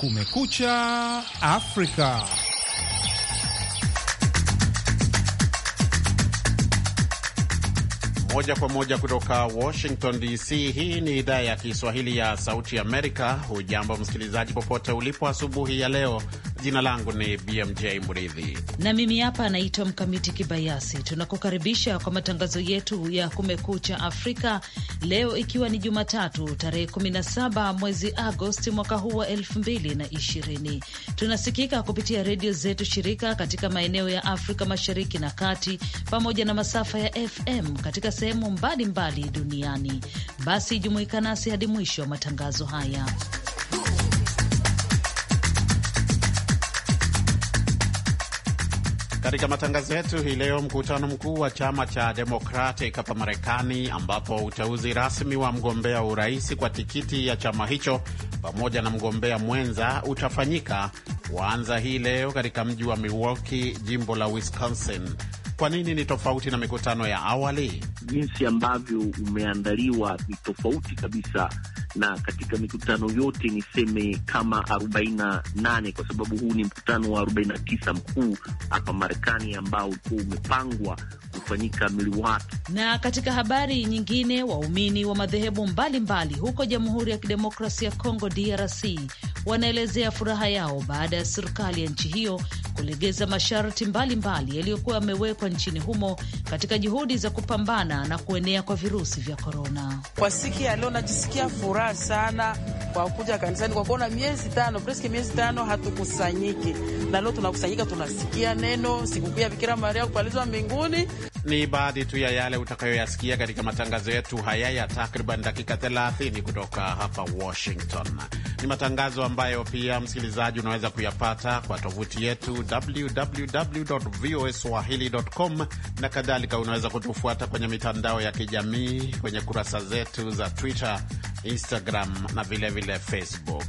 Kumekucha Afrika. Moja kwa moja kutoka Washington DC. Hii ni idhaa ya Kiswahili ya Sauti Amerika. Hujambo msikilizaji, popote ulipo asubuhi ya leo Jina langu ni BMJ Mridhi na mimi hapa anaitwa Mkamiti Kibayasi. Tunakukaribisha kwa matangazo yetu ya Kumekucha Afrika leo, ikiwa ni Jumatatu tarehe 17 mwezi Agosti mwaka huu wa 2020. Tunasikika kupitia redio zetu shirika katika maeneo ya Afrika Mashariki na Kati pamoja na masafa ya FM katika sehemu mbalimbali duniani. Basi jumuika nasi hadi mwisho wa matangazo haya. Katika matangazo yetu hii leo, mkutano mkuu wa chama cha Democratic hapa Marekani, ambapo uteuzi rasmi wa mgombea urais kwa tikiti ya chama hicho pamoja na mgombea mwenza utafanyika waanza hii leo katika mji wa Milwaukee, jimbo la Wisconsin. Kwa nini ni tofauti na mikutano ya awali? Jinsi ambavyo umeandaliwa ni tofauti kabisa, na katika mikutano yote niseme kama 48 kwa sababu huu ni mkutano wa 49 mkuu hapa Marekani ambao ulikuwa umepangwa kufanyika Milwaukee. Na katika habari nyingine, waumini wa madhehebu mbalimbali huko Jamhuri ya Kidemokrasia ya Kongo DRC wanaelezea furaha yao baada ya serikali ya nchi hiyo kulegeza masharti mbalimbali yaliyokuwa yamewekwa hapa nchini humo katika juhudi za kupambana na kuenea kwa virusi vya korona. Kwa siku ya leo najisikia furaha sana kwa kuja kanisani kwa kuona miezi tano preski miezi tano hatukusanyiki, na leo tunakusanyika, tunasikia neno sikukuu ya Bikira Maria kupalizwa mbinguni. Ni baadhi tu ya yale utakayoyasikia katika matangazo yetu haya ya takriban dakika 30 kutoka hapa Washington. Ni matangazo ambayo pia msikilizaji unaweza kuyapata kwa tovuti yetu www www.voaswahili.com na kadhalika. Unaweza kutufuata kwenye mitandao ya kijamii kwenye kurasa zetu za Twitter, Instagram na vilevile vile Facebook.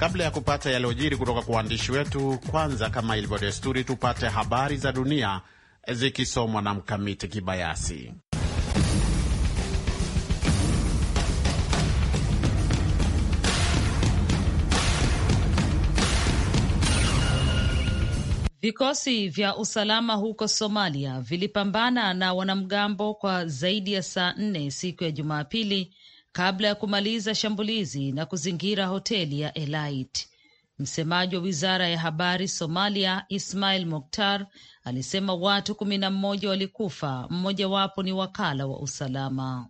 Kabla ya kupata yaliyojiri kutoka kwa waandishi wetu, kwanza kama ilivyo desturi, tupate habari za dunia zikisomwa na Mkamiti Kibayasi. Vikosi vya usalama huko Somalia vilipambana na wanamgambo kwa zaidi ya saa nne siku ya Jumapili kabla ya kumaliza shambulizi na kuzingira hoteli ya Elite. Msemaji wa wizara ya habari Somalia, Ismail Moktar, alisema watu kumi na mmoja walikufa, mmojawapo ni wakala wa usalama.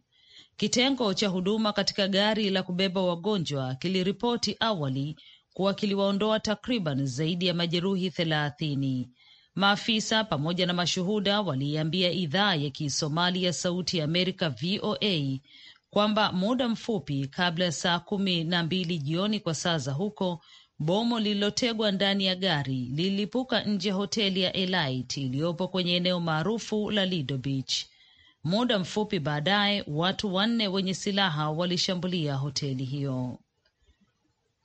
Kitengo cha huduma katika gari la kubeba wagonjwa kiliripoti awali kuwa kiliwaondoa takriban zaidi ya majeruhi thelathini. Maafisa pamoja na mashuhuda waliiambia idhaa ya Kisomali ya Sauti ya Amerika VOA kwamba muda mfupi kabla ya saa kumi na mbili jioni kwa saa za huko, bomo lililotegwa ndani ya gari lililipuka nje ya hoteli ya Elit iliyopo kwenye eneo maarufu la Lido Beach. Muda mfupi baadaye, watu wanne wenye silaha walishambulia hoteli hiyo.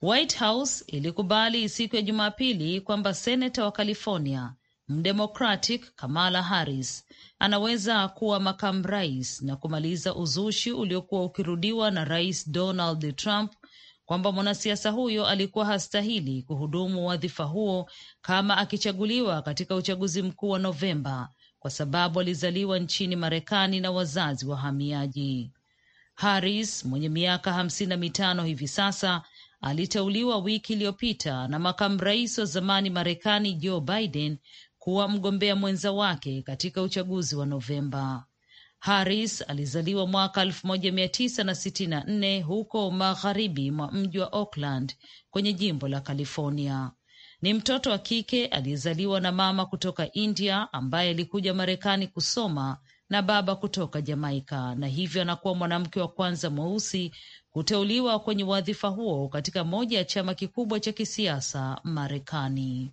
White House ilikubali siku ya Jumapili kwamba seneta wa California mdemocratic Kamala Harris anaweza kuwa makamu rais na kumaliza uzushi uliokuwa ukirudiwa na Rais Donald Trump kwamba mwanasiasa huyo alikuwa hastahili kuhudumu wadhifa huo kama akichaguliwa katika uchaguzi mkuu wa Novemba kwa sababu alizaliwa nchini Marekani na wazazi wahamiaji. Harris mwenye miaka hamsini na mitano hivi sasa aliteuliwa wiki iliyopita na makamu rais wa zamani Marekani Joe Biden kuwa mgombea mwenza wake katika uchaguzi wa Novemba. Harris alizaliwa mwaka 1964 huko magharibi mwa mji wa Oakland kwenye jimbo la California. Ni mtoto wa kike aliyezaliwa na mama kutoka India ambaye alikuja Marekani kusoma na baba kutoka Jamaika, na hivyo anakuwa mwanamke wa kwanza mweusi kuteuliwa kwenye wadhifa huo katika moja ya chama kikubwa cha kisiasa Marekani.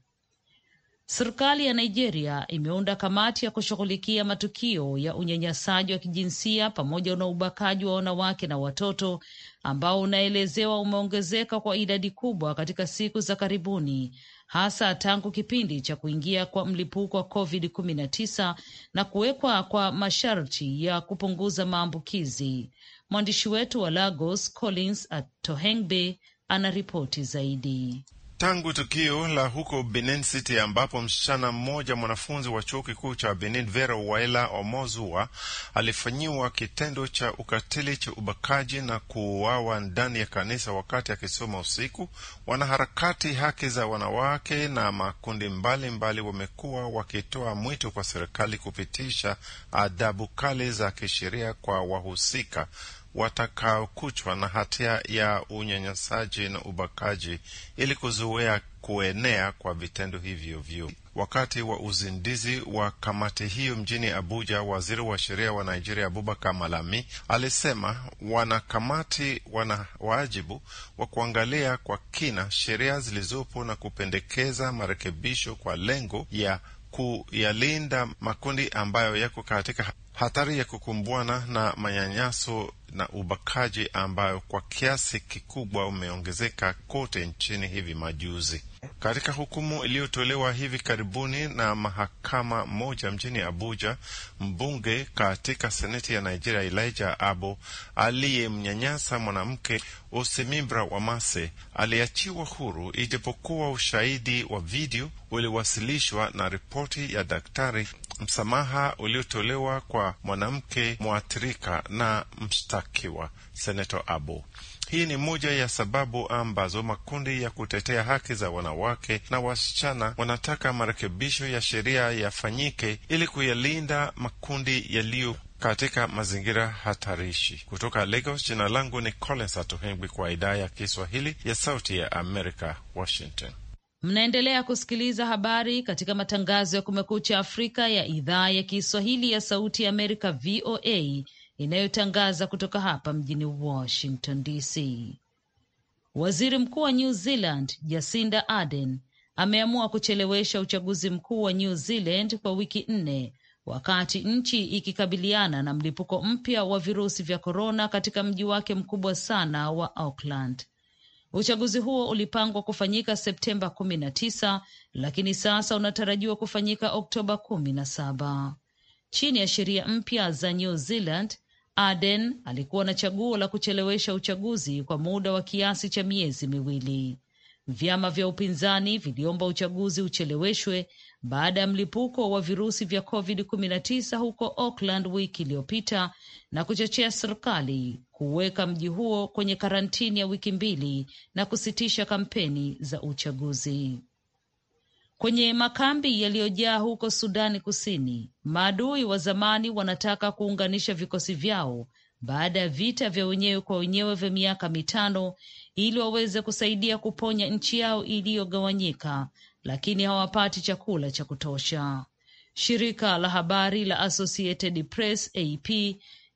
Serikali ya Nigeria imeunda kamati ya kushughulikia matukio ya unyanyasaji wa kijinsia pamoja na ubakaji wa wanawake na watoto ambao unaelezewa umeongezeka kwa idadi kubwa katika siku za karibuni, hasa tangu kipindi cha kuingia kwa mlipuko wa COVID-19 na kuwekwa kwa masharti ya kupunguza maambukizi. Mwandishi wetu wa Lagos Collins Atohengbe ana ripoti zaidi tangu tukio la huko Benin City ambapo msichana mmoja mwanafunzi wa chuo kikuu cha Benin Vera Waila Omozua alifanyiwa kitendo cha ukatili cha ubakaji na kuuawa ndani ya kanisa wakati akisoma usiku. Wanaharakati haki za wanawake na makundi mbalimbali wamekuwa wakitoa mwito kwa serikali kupitisha adhabu kali za kisheria kwa wahusika watakaokuchwa na hatia ya unyanyasaji na ubakaji ili kuzuia kuenea kwa vitendo hivyo vyu. Wakati wa uzinduzi wa kamati hiyo mjini Abuja, waziri wa sheria wa Nigeria Abubakar Malami alisema wanakamati wana wajibu wa kuangalia kwa kina sheria zilizopo na kupendekeza marekebisho kwa lengo ya kuyalinda makundi ambayo yako katika hatari ya kukumbwana na manyanyaso na ubakaji ambayo kwa kiasi kikubwa umeongezeka kote nchini hivi majuzi. Katika hukumu iliyotolewa hivi karibuni na mahakama moja mjini Abuja, mbunge katika seneti ya Nigeria Elijah Abo aliyemnyanyasa mwanamke osemibra Wamase aliachiwa huru, ijapokuwa ushahidi wa video uliwasilishwa na ripoti ya daktari msamaha uliotolewa kwa mwanamke mwathirika na mshtakiwa, Senato Abu. Hii ni moja ya sababu ambazo makundi ya kutetea haki za wanawake na wasichana wanataka marekebisho ya sheria yafanyike ili kuyalinda makundi yaliyo katika mazingira hatarishi. Kutoka Lagos, jina langu ni Collins atuhengwi kwa idhaa ya Kiswahili ya Sauti ya america Washington. Mnaendelea kusikiliza habari katika matangazo ya Kumekucha Afrika ya idhaa ya Kiswahili ya Sauti ya Amerika, VOA, inayotangaza kutoka hapa mjini Washington DC. Waziri Mkuu wa New Zealand Jacinda Ardern ameamua kuchelewesha uchaguzi mkuu wa New Zealand kwa wiki nne wakati nchi ikikabiliana na mlipuko mpya wa virusi vya korona katika mji wake mkubwa sana wa Auckland. Uchaguzi huo ulipangwa kufanyika Septemba kumi na tisa lakini sasa unatarajiwa kufanyika Oktoba kumi na saba. Chini ya sheria mpya za New Zealand, Aden alikuwa na chaguo la kuchelewesha uchaguzi kwa muda wa kiasi cha miezi miwili. Vyama vya upinzani viliomba uchaguzi ucheleweshwe baada ya mlipuko wa virusi vya COVID-19 huko Auckland wiki iliyopita na kuchochea serikali kuweka mji huo kwenye karantini ya wiki mbili na kusitisha kampeni za uchaguzi. Kwenye makambi yaliyojaa huko Sudani Kusini, maadui wa zamani wanataka kuunganisha vikosi vyao baada ya vita vya wenyewe kwa wenyewe vya miaka mitano ili waweze kusaidia kuponya nchi yao iliyogawanyika, lakini hawapati chakula cha kutosha. Shirika la habari la Associated Press AP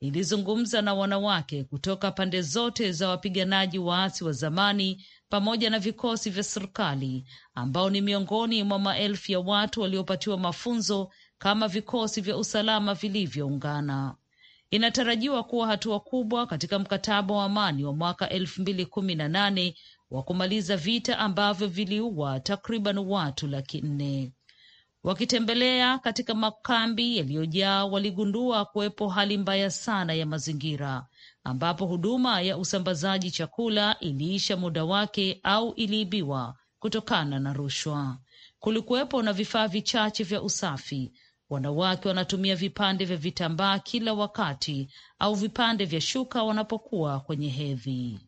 ilizungumza na wanawake kutoka pande zote za wapiganaji waasi wa zamani pamoja na vikosi vya serikali ambao ni miongoni mwa maelfu ya watu waliopatiwa mafunzo kama vikosi vya usalama vilivyoungana. Inatarajiwa kuwa hatua kubwa katika mkataba wa amani wa mwaka elfu mbili kumi na nane wa kumaliza vita ambavyo viliua takriban watu laki nne. Wakitembelea katika makambi yaliyojaa, waligundua kuwepo hali mbaya sana ya mazingira ambapo huduma ya usambazaji chakula iliisha muda wake au iliibiwa kutokana na rushwa. Kulikuwepo na vifaa vichache vya usafi. Wanawake wanatumia vipande vya vitambaa kila wakati au vipande vya shuka wanapokuwa kwenye hedhi.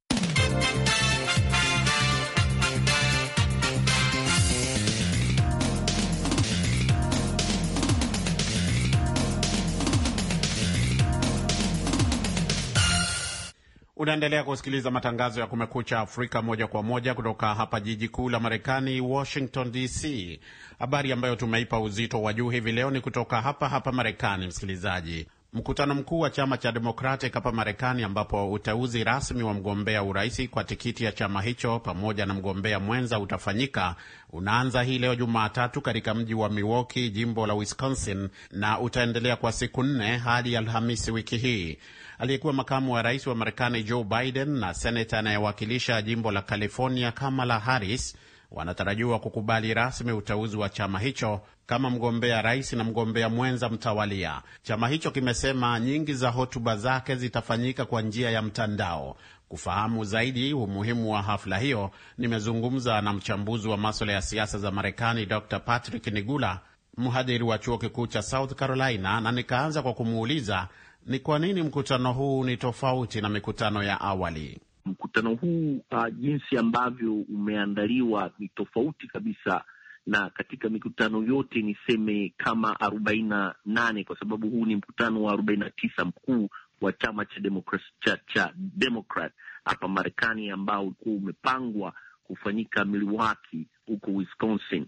Unaendelea kusikiliza matangazo ya Kumekucha Afrika moja kwa moja kutoka hapa jiji kuu la Marekani, Washington DC. Habari ambayo tumeipa uzito wa juu hivi leo ni kutoka hapa hapa Marekani, msikilizaji Mkutano mkuu wa chama cha Democratic hapa Marekani, ambapo uteuzi rasmi wa mgombea uraisi kwa tikiti ya chama hicho pamoja na mgombea mwenza utafanyika, unaanza hii leo Jumatatu katika mji wa Milwaukee, jimbo la Wisconsin, na utaendelea kwa siku nne hadi Alhamisi wiki hii. Aliyekuwa makamu wa rais wa Marekani Joe Biden na seneta anayewakilisha jimbo la California Kamala Harris wanatarajiwa kukubali rasmi uteuzi wa chama hicho kama mgombea rais na mgombea mwenza mtawalia. Chama hicho kimesema nyingi za hotuba zake zitafanyika kwa njia ya mtandao. Kufahamu zaidi umuhimu wa hafla hiyo, nimezungumza na mchambuzi wa maswala ya siasa za Marekani Dr Patrick Nigula, mhadhiri wa chuo kikuu cha South Carolina, na nikaanza kwa kumuuliza ni kwa nini mkutano huu ni tofauti na mikutano ya awali mkutano huu uh, jinsi ambavyo umeandaliwa ni tofauti kabisa na katika mikutano yote niseme kama arobaini na nane kwa sababu huu ni mkutano wa arobaini na tisa mkuu wa chama cha Democrat, cha, cha Democrat hapa Marekani ambao ulikuwa umepangwa kufanyika Milwaukee huko Wisconsin.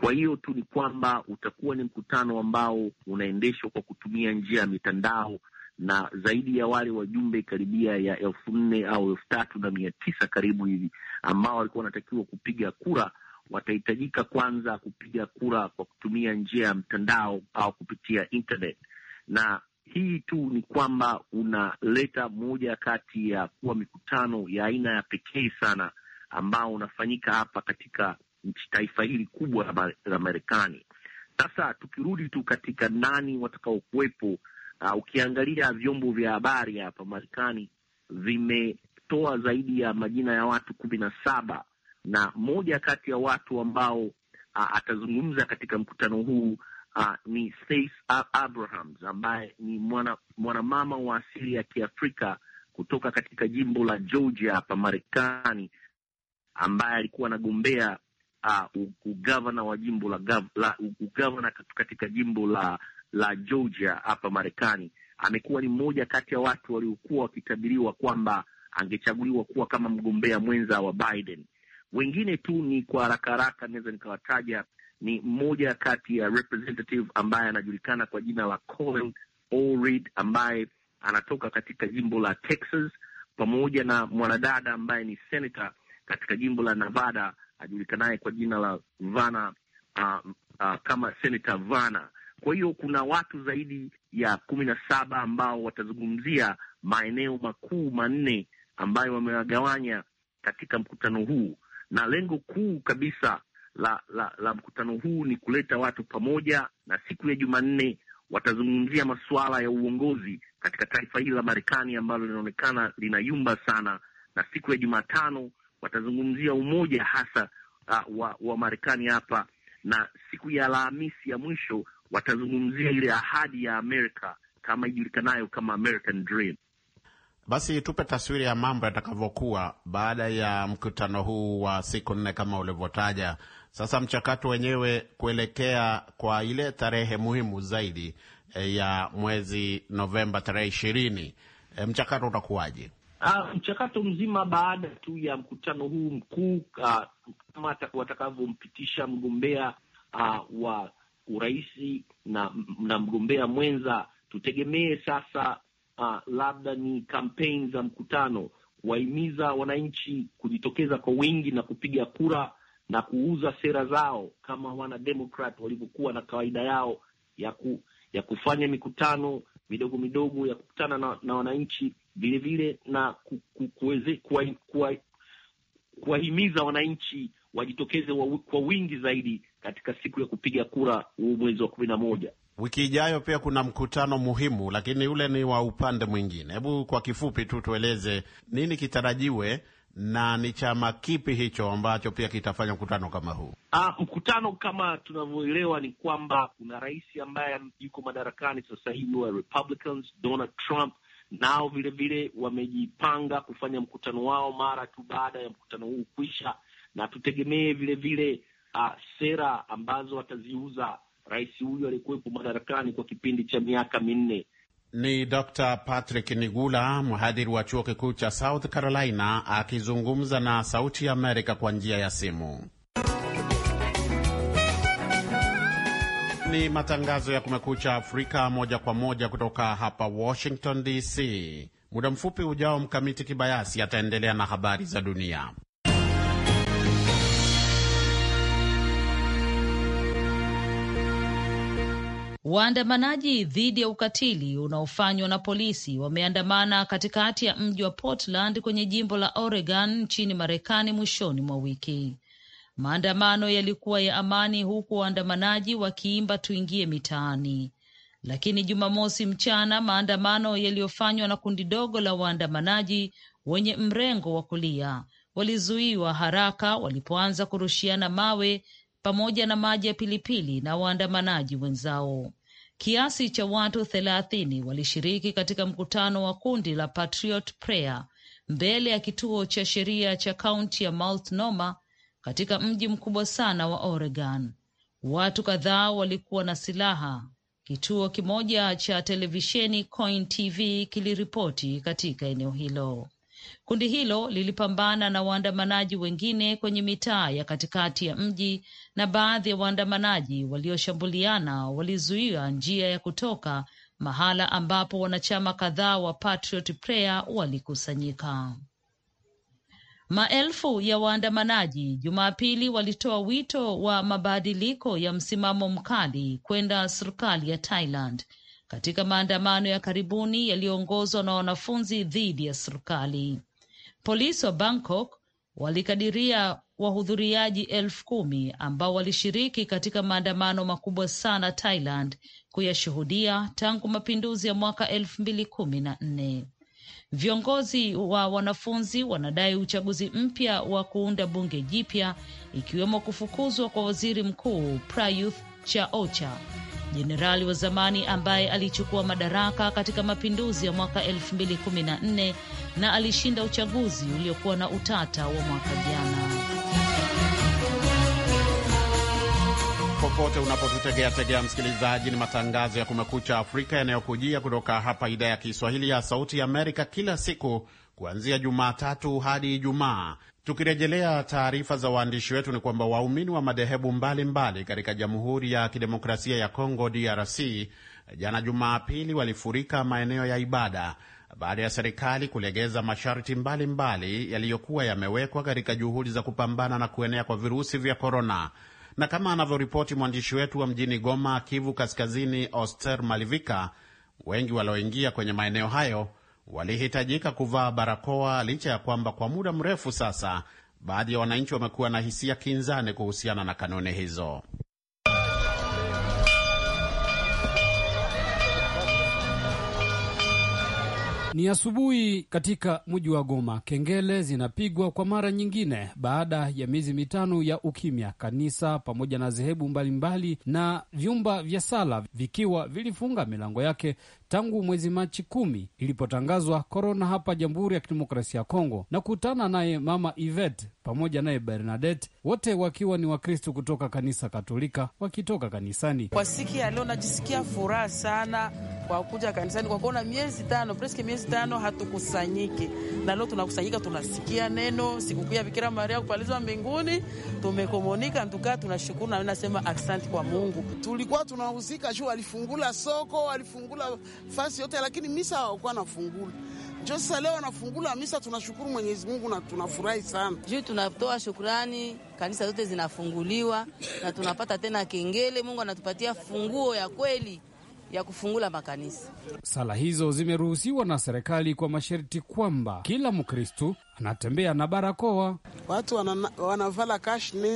Kwa hiyo tu ni kwamba utakuwa ni mkutano ambao unaendeshwa kwa kutumia njia ya mitandao na zaidi ya wale wajumbe karibia ya elfu nne au elfu tatu na mia tisa karibu hivi ambao walikuwa wanatakiwa kupiga kura watahitajika kwanza kupiga kura kwa kutumia njia ya mtandao au kupitia internet, na hii tu ni kwamba unaleta moja kati ya kuwa mikutano ya aina ya pekee sana ambao unafanyika hapa katika nchi taifa hili kubwa la Marekani. Sasa tukirudi tu katika nani watakaokuwepo Uh, ukiangalia vyombo vya habari hapa Marekani vimetoa zaidi ya majina ya watu kumi na saba na moja kati ya watu ambao uh, atazungumza katika mkutano huu uh, ni Stacey ambaye ni mwana mwanamama wa asili ya Kiafrika kutoka katika jimbo la Georgia hapa Marekani ambaye alikuwa anagombea uh, ugavana wa jimbo la, la ugavana katika jimbo la la Georgia hapa Marekani, amekuwa ni mmoja kati ya watu waliokuwa wakitabiriwa kwamba angechaguliwa kuwa kama mgombea mwenza wa Biden. Wengine tu ni kwa haraka haraka naweza nikawataja ni mmoja kati ya representative ambaye anajulikana kwa jina la Colin Allred ambaye anatoka katika jimbo la Texas, pamoja na mwanadada ambaye ni senator katika jimbo la Nevada ajulikanaye kwa jina la Vana uh, uh, kama Senator Vana. Kwa hiyo kuna watu zaidi ya kumi na saba ambao watazungumzia maeneo makuu manne ambayo wamewagawanya katika mkutano huu, na lengo kuu kabisa la, la, la mkutano huu ni kuleta watu pamoja, na siku ya Jumanne watazungumzia masuala ya uongozi katika taifa hili la Marekani ambalo linaonekana linayumba sana, na siku ya Jumatano watazungumzia umoja hasa uh, wa, wa Marekani hapa, na siku ya Alhamisi ya mwisho watazungumzia ile ahadi ya Amerika kama ijulikanayo kama American Dream. Basi tupe taswira ya mambo yatakavyokuwa baada ya mkutano huu wa siku nne kama ulivyotaja. Sasa mchakato wenyewe kuelekea kwa ile tarehe muhimu zaidi eh, ya mwezi Novemba, tarehe ishirini, eh, mchakato utakuwaje? Uh, mchakato mzima baada tu ya mkutano huu mkuu, uh, kama watakavyompitisha mgombea uh, wa urais na, na mgombea mwenza, tutegemee sasa uh, labda ni kampeni za mkutano kuwahimiza wananchi kujitokeza kwa wingi na kupiga kura na kuuza sera zao kama wanademokrat walivyokuwa na kawaida yao ya, ku, ya kufanya mikutano midogo midogo ya kukutana na, na wananchi vilevile na ku, ku, kuweze, kuwa, kuwa, kuwahimiza wananchi wajitokeze wa, kwa wingi zaidi katika siku ya kupiga kura huu mwezi wa kumi na moja. Wiki ijayo pia kuna mkutano muhimu, lakini ule ni wa upande mwingine. Hebu kwa kifupi tu tueleze nini kitarajiwe na ni chama kipi hicho ambacho pia kitafanya mkutano kama huu? Ah, mkutano kama tunavyoelewa ni kwamba kuna rais ambaye yuko madarakani sasa hivi wa Republicans, Donald Trump, nao vilevile wamejipanga kufanya mkutano wao mara tu baada ya mkutano huu kuisha, na tutegemee vilevile uh, sera ambazo ataziuza rais huyu aliyekuwepo madarakani kwa kipindi cha miaka minne. Ni Dr. Patrick Nigula, mhadhiri wa chuo kikuu cha South Carolina, akizungumza na Sauti ya Amerika kwa njia ya simu. Ni matangazo ya Kumekucha Afrika moja kwa moja kutoka hapa Washington DC. Muda mfupi ujao, Mkamiti Kibayasi ataendelea na habari za dunia. Waandamanaji dhidi ya ukatili unaofanywa na polisi wameandamana katikati ya mji wa Portland kwenye jimbo la Oregon nchini Marekani mwishoni mwa wiki. Maandamano yalikuwa ya amani, huku waandamanaji wakiimba tuingie mitaani, lakini Jumamosi mchana maandamano yaliyofanywa na kundi dogo la waandamanaji wenye mrengo wa kulia walizuiwa haraka walipoanza kurushiana mawe pamoja na maji ya pilipili na waandamanaji wenzao. Kiasi cha watu thelathini walishiriki katika mkutano wa kundi la Patriot Prayer mbele ya kituo cha sheria cha kaunti ya Multnomah katika mji mkubwa sana wa Oregon. Watu kadhaa walikuwa na silaha, kituo kimoja cha televisheni Coin TV kiliripoti katika eneo hilo. Kundi hilo lilipambana na waandamanaji wengine kwenye mitaa ya katikati ya mji, na baadhi ya waandamanaji walioshambuliana walizuia njia ya kutoka, mahala ambapo wanachama kadhaa wa Patriot Prayer walikusanyika. Maelfu ya waandamanaji Jumapili walitoa wito wa mabadiliko ya msimamo mkali kwenda serikali ya Thailand katika maandamano ya karibuni yaliyoongozwa na wanafunzi dhidi ya serikali. Polisi wa Bangkok walikadiria wahudhuriaji elfu kumi ambao walishiriki katika maandamano makubwa sana Thailand kuyashuhudia tangu mapinduzi ya mwaka elfu mbili kumi na nne. Viongozi wa wanafunzi wanadai uchaguzi mpya wa kuunda bunge jipya, ikiwemo kufukuzwa kwa waziri mkuu Prayuth Chaocha jenerali wa zamani ambaye alichukua madaraka katika mapinduzi ya mwaka 2014 na alishinda uchaguzi uliokuwa na utata wa mwaka jana. Popote unapotutegea tegea, msikilizaji, ni matangazo ya Kumekucha Afrika yanayokujia kutoka hapa idhaa ya Kiswahili ya Sauti ya Amerika, kila siku kuanzia Jumatatu hadi Ijumaa. Tukirejelea taarifa za waandishi wetu ni kwamba waumini wa madhehebu mbalimbali katika Jamhuri ya Kidemokrasia ya Kongo DRC jana Jumapili walifurika maeneo ya ibada baada ya serikali kulegeza masharti mbalimbali yaliyokuwa yamewekwa katika juhudi za kupambana na kuenea kwa virusi vya korona. Na kama anavyoripoti mwandishi wetu wa mjini Goma, Kivu Kaskazini, Oster Malivika, wengi walioingia kwenye maeneo hayo walihitajika kuvaa barakoa licha ya kwamba kwa muda mrefu sasa baadhi ya wananchi wamekuwa na hisia kinzani kuhusiana na kanuni hizo. Ni asubuhi katika mji wa Goma, kengele zinapigwa kwa mara nyingine baada ya miezi mitano ya ukimya, kanisa pamoja na dhehebu mbalimbali na vyumba vya sala vikiwa vilifunga milango yake tangu mwezi Machi kumi ilipotangazwa korona hapa Jamhuri ya Kidemokrasia ya Kongo. Na kutana naye Mama Ivet pamoja naye Bernadette, wote wakiwa ni Wakristu kutoka kanisa Katolika wakitoka kanisani. Kwa siku ya leo najisikia furaha sana kwa kuja kanisani kwa kuona miezi tano presque miezi tano hatukusanyiki, na leo tunakusanyika, tunasikia neno sikukuu ya Bikira Maria kupalizwa mbinguni, tumekomunika tukaa, tunashukuru na nasema asante kwa Mungu. Tulikuwa tunahusika juu walifungula soko, walifungula fasi yote, lakini misa hawakuwa nafungula njo sasa leo wanafungula misa, tunashukuru Mwenyezi Mungu na tunafurahi sana juu tunatoa shukurani. Kanisa zote zinafunguliwa na tunapata tena kengele. Mungu anatupatia funguo ya kweli ya kufungula makanisa. Sala hizo zimeruhusiwa na serikali kwa masharti kwamba kila Mkristu anatembea na barakoa. Watu wanana, wanavala kashne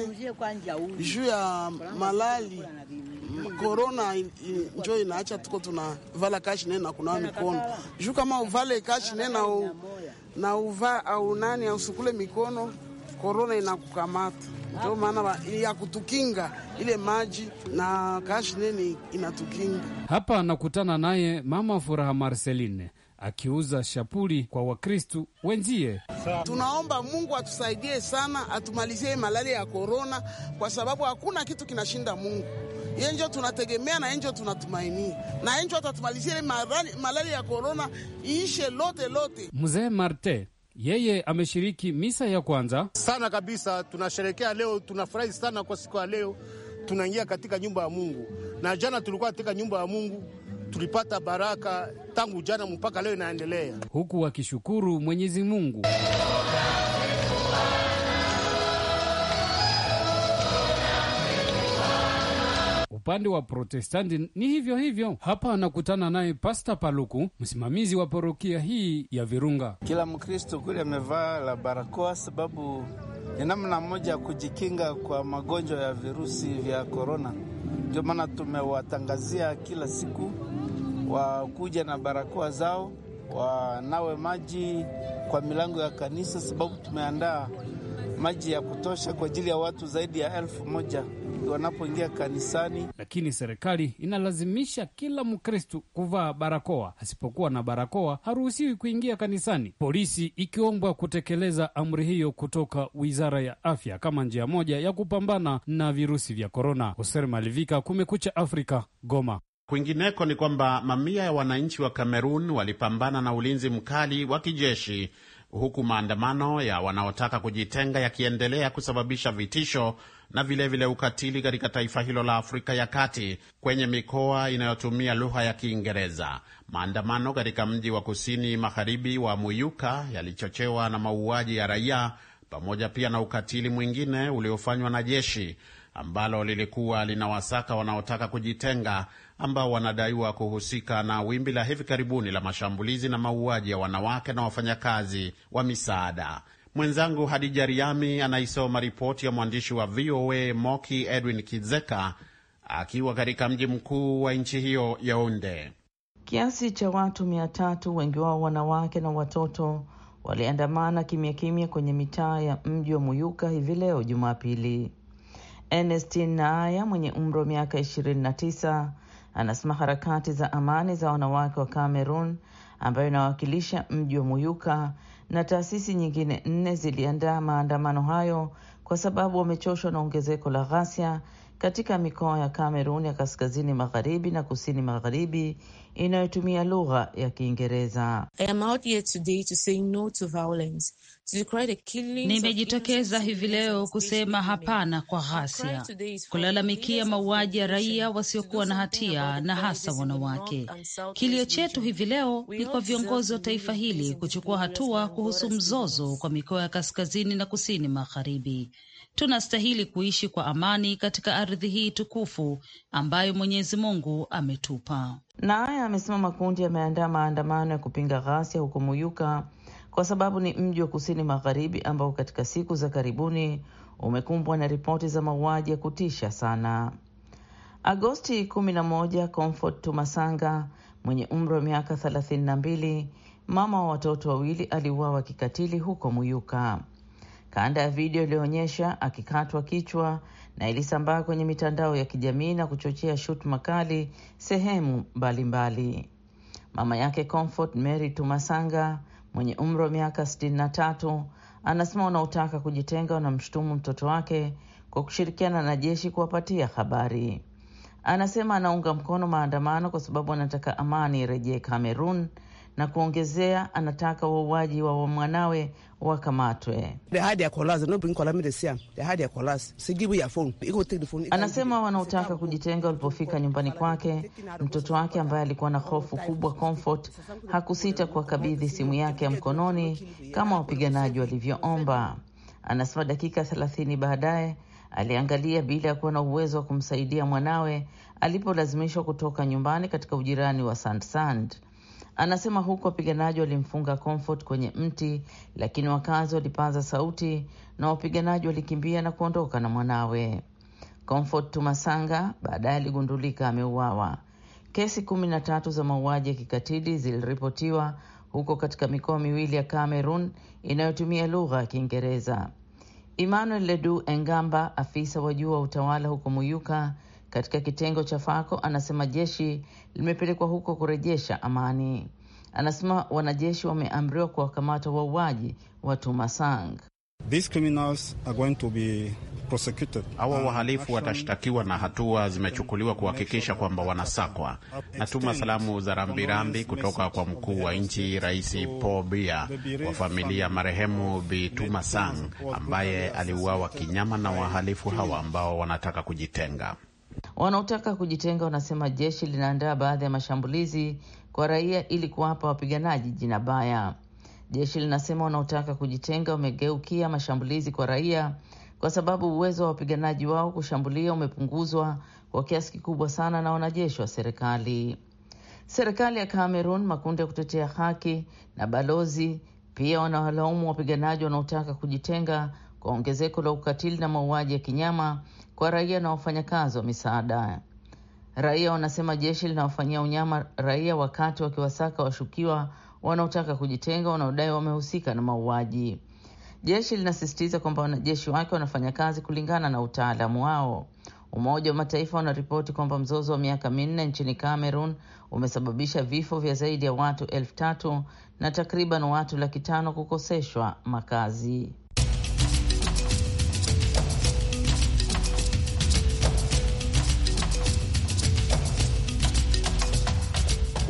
juu ya malali korona njo inaacha tuko tunavala kashne na kunawa mikono juu kama uvale kashne na, u, na uva au nani ausukule mikono korona inakukamata ndio maana ya kutukinga ile maji na kashi nini inatukinga. Hapa nakutana naye Mama Furaha Marceline akiuza shapuri kwa Wakristu wenzie. Tunaomba Mungu atusaidie sana, atumalizie malali ya korona, kwa sababu hakuna kitu kinashinda Mungu. Yeye tunategemea na ndio tunatumainia na ndio atatumalizia malali ya korona iishe lote lote. Mzee Marte yeye ameshiriki misa ya kwanza sana kabisa. Tunasherekea leo, tunafurahi sana kwa siku ya leo, tunaingia katika nyumba ya Mungu. Na jana tulikuwa katika nyumba ya Mungu, tulipata baraka tangu jana mpaka leo inaendelea, huku wakishukuru Mwenyezi Mungu upande wa Protestanti ni hivyo hivyo. Hapa anakutana naye Pasta Paluku, msimamizi wa parokia hii ya Virunga. Kila Mkristo kule amevaa la barakoa, sababu ni namna moja ya kujikinga kwa magonjwa ya virusi vya korona. Ndio maana tumewatangazia kila siku wakuja na barakoa zao, wanawe maji kwa milango ya kanisa, sababu tumeandaa maji ya kutosha kwa ajili ya watu zaidi ya elfu moja wanapoingia kanisani. Lakini serikali inalazimisha kila Mkristu kuvaa barakoa, asipokuwa na barakoa haruhusiwi kuingia kanisani, polisi ikiombwa kutekeleza amri hiyo kutoka Wizara ya Afya kama njia moja ya kupambana na virusi vya korona. Hoser Malivika, Kumekucha Afrika, Goma. Kwingineko ni kwamba mamia ya wananchi wa Kamerun walipambana na ulinzi mkali wa kijeshi huku maandamano ya wanaotaka kujitenga yakiendelea kusababisha vitisho na vilevile vile ukatili katika taifa hilo la Afrika ya Kati kwenye mikoa inayotumia lugha ya Kiingereza. Maandamano katika mji wa kusini magharibi wa Muyuka yalichochewa na mauaji ya raia pamoja pia na ukatili mwingine uliofanywa na jeshi ambalo lilikuwa linawasaka wanaotaka kujitenga ambao wanadaiwa kuhusika na wimbi la hivi karibuni la mashambulizi na mauaji ya wanawake na wafanyakazi wa misaada. Mwenzangu Hadija Riami anaisoma ripoti ya mwandishi wa VOA Moki Edwin Kizeka akiwa katika mji mkuu wa nchi hiyo Yaunde. Kiasi cha watu mia tatu, wengi wao wanawake na watoto, waliandamana kimya kimya kwenye mitaa ya mji wa Muyuka hivi leo Jumapili. Ernestine Naaya mwenye umri wa miaka 29 anasema harakati za amani za wanawake wa Cameroon ambayo inawakilisha mji wa Muyuka na taasisi nyingine nne ziliandaa maandamano hayo kwa sababu wamechoshwa na ongezeko la ghasia katika mikoa ya Kamerun ya kaskazini magharibi na kusini magharibi inayotumia lugha ya Kiingereza. Nimejitokeza hivi leo kusema hapana kwa ghasia, kulalamikia mauaji ya raia wasiokuwa na hatia na hasa wanawake. Kilio chetu hivi leo ni kwa viongozi wa taifa hili kuchukua hatua kuhusu mzozo kwa mikoa ya kaskazini na kusini magharibi tunastahili kuishi kwa amani katika ardhi hii tukufu ambayo Mwenyezi Mungu ametupa. Na haya amesema. Makundi yameandaa maandamano ya kupinga ghasia huko Muyuka kwa sababu ni mji wa kusini magharibi ambao katika siku za karibuni umekumbwa na ripoti za mauaji ya kutisha sana. Agosti 11, Comfort Tumasanga mwenye umri wa miaka 32, mama wa watoto wawili, aliuawa kikatili huko Muyuka. Kanda ya video iliyoonyesha akikatwa kichwa na ilisambaa kwenye mitandao ya kijamii na kuchochea shutuma kali sehemu mbalimbali mbali. Mama yake Comfort Mary Tumasanga mwenye umri wa miaka 63 anasema wanaotaka kujitenga wanamshutumu mtoto wake kwa kushirikiana na jeshi kuwapatia habari. Anasema anaunga mkono maandamano kwa sababu anataka amani irejee Kamerun na kuongezea anataka wauaji wa mwanawe wakamatwe. Anasema wanaotaka kujitenga walipofika nyumbani kwake, mtoto wake ambaye alikuwa na hofu kubwa, Comfort hakusita kuwakabidhi simu yake ya mkononi kama wapiganaji walivyoomba. Anasema dakika thelathini baadaye aliangalia bila ya kuwa na uwezo wa kumsaidia mwanawe alipolazimishwa kutoka nyumbani katika ujirani wa Sandsand. Anasema huku wapiganaji walimfunga Comfort kwenye mti, lakini wakazi walipaza sauti na wapiganaji walikimbia na kuondoka na mwanawe. Comfort Tumasanga baadaye aligundulika ameuawa. Kesi kumi na tatu za mauaji ya kikatili ziliripotiwa huko katika mikoa miwili ya Cameroon inayotumia lugha ya Kiingereza. Emmanuel Ledu Engamba, afisa wa juu wa utawala huko Muyuka, katika kitengo cha Fako anasema jeshi limepelekwa huko kurejesha amani. Anasema wanajeshi wameamriwa kuwakamata wauaji wa Tumasang. Hawa uh, wahalifu watashtakiwa na hatua zimechukuliwa kuhakikisha kwamba wanasakwa. Natuma salamu za rambirambi kutoka kwa mkuu wa nchi Rais Paul Biya wa familia marehemu Bituma Sang ambaye aliuawa kinyama na wahalifu hawa ambao wanataka kujitenga. Wanaotaka kujitenga wanasema jeshi linaandaa baadhi ya mashambulizi kwa raia ili kuwapa wapiganaji jina baya. Jeshi linasema wanaotaka kujitenga wamegeukia mashambulizi kwa raia kwa sababu uwezo wa wapiganaji wao kushambulia umepunguzwa kwa kiasi kikubwa sana na wanajeshi wa serikali. Serikali ya Cameroon, makundi ya kutetea haki na balozi pia wanawalaumu wapiganaji wanaotaka kujitenga kwa ongezeko la ukatili na mauaji ya kinyama kwa raia na wafanyakazi wa misaada. Raia wanasema jeshi linawafanyia unyama raia wakati wakiwasaka washukiwa wanaotaka kujitenga wanaodai wamehusika na mauaji. Jeshi linasisitiza kwamba wanajeshi wake wanafanya kazi kulingana na utaalamu wao. Umoja wa Mataifa unaripoti kwamba mzozo wa miaka minne nchini Cameroon umesababisha vifo vya zaidi ya watu elfu tatu na takriban watu laki tano kukoseshwa makazi.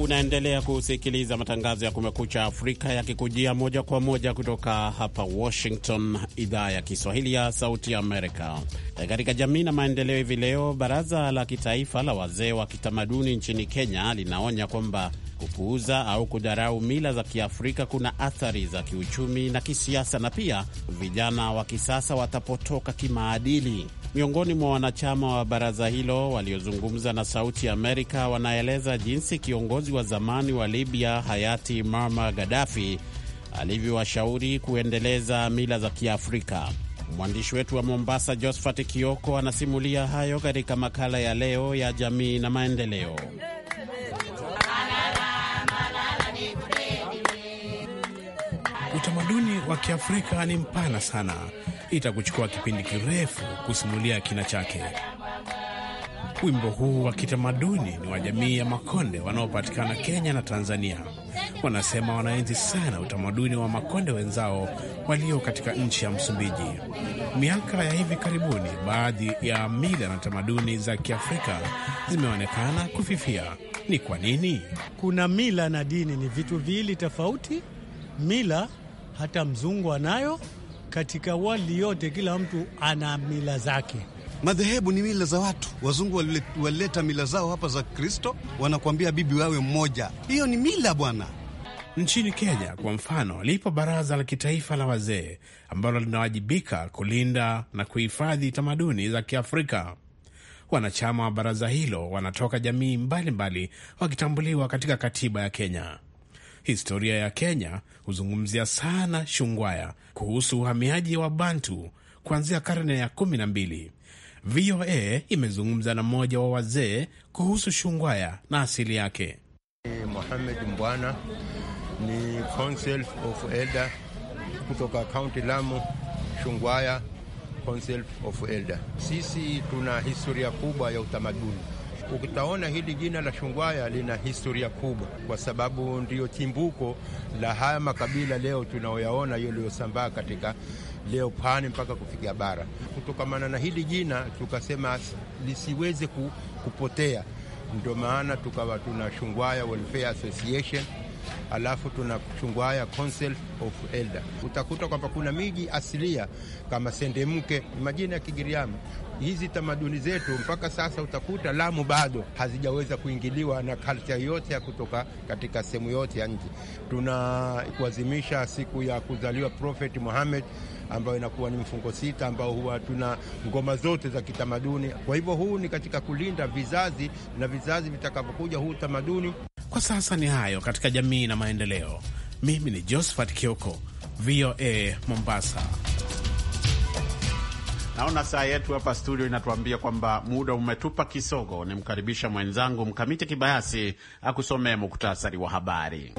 Unaendelea kusikiliza matangazo ya Kumekucha Afrika yakikujia moja kwa moja kutoka hapa Washington, idhaa ya Kiswahili ya Sauti ya Amerika. E, katika jamii na maendeleo, hivi leo baraza la kitaifa la wazee wa kitamaduni nchini Kenya linaonya kwamba Kupuuza au kudharau mila za Kiafrika kuna athari za kiuchumi na kisiasa, na pia vijana wa kisasa watapotoka kimaadili. Miongoni mwa wanachama wa baraza hilo waliozungumza na Sauti Amerika wanaeleza jinsi kiongozi wa zamani wa Libya hayati Muammar Gaddafi alivyowashauri kuendeleza mila za Kiafrika. Mwandishi wetu wa Mombasa, Josphat Kioko, anasimulia hayo katika makala ya leo ya jamii na maendeleo. Utamaduni wa Kiafrika ni mpana sana, itakuchukua kipindi kirefu kusimulia kina chake. Wimbo huu wa kitamaduni ni wa jamii ya Makonde wanaopatikana Kenya na Tanzania. Wanasema wanaenzi sana utamaduni wa Makonde wenzao walio katika nchi ya Msumbiji. Miaka ya hivi karibuni, baadhi ya mila na tamaduni za Kiafrika zimeonekana kufifia. Ni kwa nini? Kuna mila na dini, ni vitu viwili tofauti. Mila hata mzungu anayo. Katika wali yote, kila mtu ana mila zake. Madhehebu ni mila za watu. Wazungu walileta mila zao hapa za Kristo, wanakuambia bibi wawe mmoja. Hiyo ni mila bwana. Nchini Kenya kwa mfano, lipo baraza la kitaifa la wazee ambalo linawajibika kulinda na kuhifadhi tamaduni za Kiafrika. Wanachama wa baraza hilo wanatoka jamii mbalimbali mbali, wakitambuliwa katika katiba ya Kenya. Historia ya Kenya huzungumzia sana Shungwaya kuhusu uhamiaji wa Bantu kuanzia karne ya kumi na mbili. VOA imezungumza na mmoja wa wazee kuhusu Shungwaya na asili yake. Mohamed Mbwana ni Council of Elder kutoka kaunti Lamu, Shungwaya Council of Elder. Sisi tuna historia kubwa ya utamaduni Ukitaona hili jina la Shungwaya lina historia kubwa, kwa sababu ndiyo chimbuko la haya makabila leo tunaoyaona yaliyosambaa katika leo pwani mpaka kufikia bara. Kutokamana na hili jina tukasema lisiweze kupotea, ndio maana tukawa tuna Shungwaya Welfare Association alafu tuna Shungwaya Council of Elder. Utakuta kwamba kuna miji asilia kama Sendemke, majina ya Kigiriama, hizi tamaduni zetu mpaka sasa utakuta Lamu bado hazijaweza kuingiliwa na kalcha yote ya kutoka katika sehemu yote ya nchi. kuazimisha siku ya kuzaliwa Prophet Muhammad ambayo inakuwa ni mfungo sita ambao huwa tuna ngoma zote za kitamaduni. Kwa hivyo huu ni katika kulinda vizazi na vizazi vitakavyokuja huu tamaduni. Kwa sasa ni hayo katika jamii na maendeleo. Mimi ni Josephat Kioko, VOA Mombasa. Naona saa yetu hapa studio inatuambia kwamba muda umetupa kisogo. Nimkaribisha mwenzangu Mkamiti Kibayasi akusomee muktasari wa habari.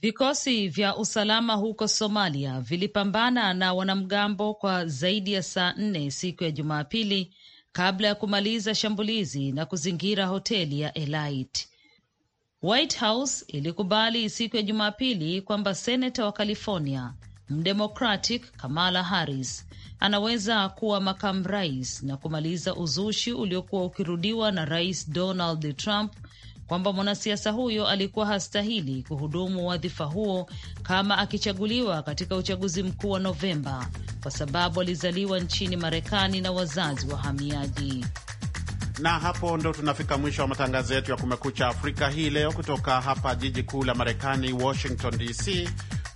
Vikosi vya usalama huko Somalia vilipambana na wanamgambo kwa zaidi ya saa nne siku ya Jumapili kabla ya kumaliza shambulizi na kuzingira hoteli ya Elite. White House ilikubali siku ya Jumapili kwamba seneta wa California mdemokratic Kamala Harris anaweza kuwa makamu rais na kumaliza uzushi uliokuwa ukirudiwa na Rais Donald Trump kwamba mwanasiasa huyo alikuwa hastahili kuhudumu wadhifa huo kama akichaguliwa katika uchaguzi mkuu wa Novemba kwa sababu alizaliwa nchini Marekani na wazazi wahamiaji. Na hapo ndo tunafika mwisho wa matangazo yetu ya Kumekucha Afrika hii leo kutoka hapa jiji kuu la Marekani, Washington DC.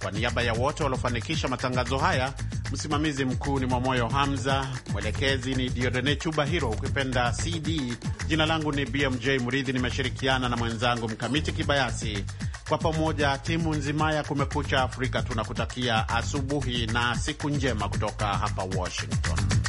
Kwa niaba ya wote waliofanikisha matangazo haya, msimamizi mkuu ni Mwamoyo Hamza, mwelekezi ni Diodene Chuba Hiro ukipenda CD. Jina langu ni BMJ Muridhi, nimeshirikiana na mwenzangu Mkamiti Kibayasi. Kwa pamoja timu nzima ya Kumekucha Afrika tunakutakia asubuhi na siku njema kutoka hapa Washington.